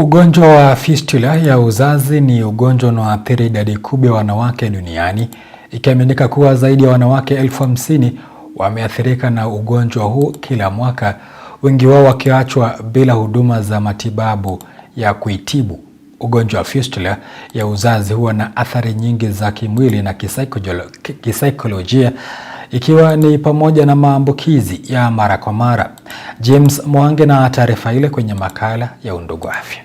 Ugonjwa wa fistula ya uzazi ni ugonjwa unaoathiri idadi kubwa ya wanawake duniani, ikiaminika kuwa zaidi ya wanawake elfu hamsini wameathirika na ugonjwa huu kila mwaka, wengi wao wakiachwa bila huduma za matibabu ya kuitibu. Ugonjwa wa fistula ya uzazi huwa na athari nyingi za kimwili na kisaikolojia ikiwa ni pamoja na maambukizi ya mara kwa mara. James mwange na taarifa ile kwenye makala ya Undugu Afya.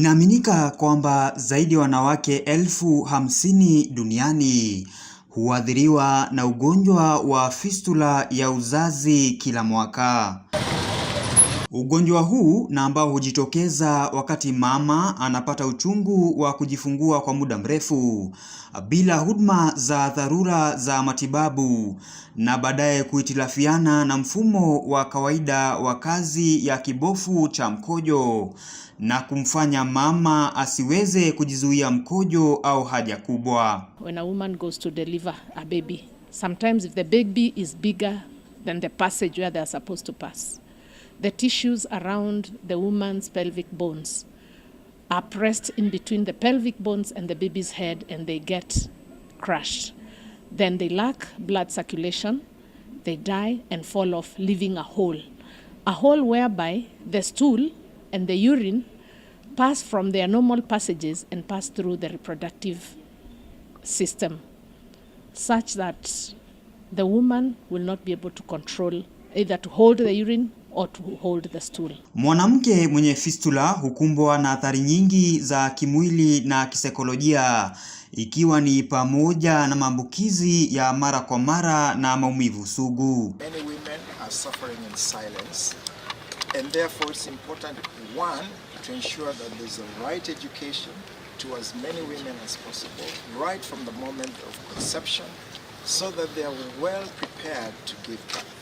Inaaminika kwamba zaidi ya wanawake elfu hamsini duniani huathiriwa na ugonjwa wa fistula ya uzazi kila mwaka. Ugonjwa huu na ambao hujitokeza wakati mama anapata uchungu wa kujifungua kwa muda mrefu bila huduma za dharura za matibabu na baadaye kuhitilafiana na mfumo wa kawaida wa kazi ya kibofu cha mkojo na kumfanya mama asiweze kujizuia mkojo au haja kubwa. When a woman goes to deliver a baby, sometimes if the baby is bigger than the passage where they are supposed to pass the tissues around the woman's pelvic bones are pressed in between the pelvic bones and the baby's head and they get crushed. Then they lack blood circulation, they die and fall off, leaving a hole. A hole whereby the stool and the urine pass from their normal passages and pass through the reproductive system, such that the woman will not be able to control either to hold the urine or to hold the stool. Mwanamke mwenye fistula hukumbwa na athari nyingi za kimwili na kisaikolojia ikiwa ni pamoja na maambukizi ya mara kwa mara na maumivu sugu. Many women are suffering in silence and therefore it's important one to ensure that there's a right education to as many women as possible right from the moment of conception so that they are well prepared to give birth.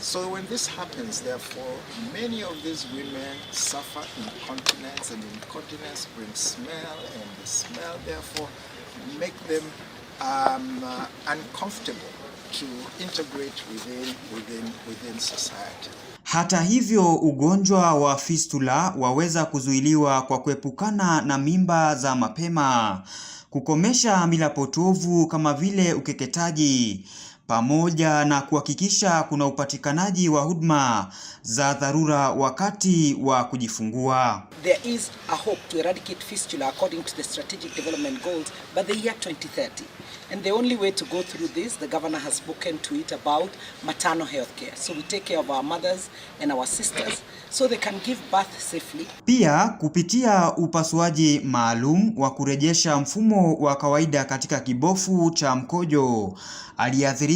So when this happens, therefore, many of these women suffer incontinence, and incontinence brings smell, and the smell, therefore, make them um, uh, uncomfortable to integrate within, within, within society. Hata hivyo, ugonjwa wa fistula waweza kuzuiliwa kwa kuepukana na mimba za mapema, kukomesha mila potovu kama vile ukeketaji pamoja na kuhakikisha kuna upatikanaji wa huduma za dharura wakati wa kujifungua. There is a hope to eradicate fistula according to the strategic development goals by the year 2030. And the only way to go through this, the governor has spoken to it about maternal health care. So we take care of our mothers and our sisters so they can give birth safely. Pia kupitia upasuaji maalum wa kurejesha mfumo wa kawaida katika kibofu cha mkojo aliathiri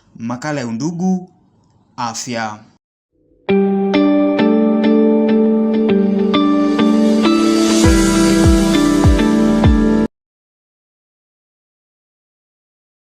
makala ya Undugu Afya.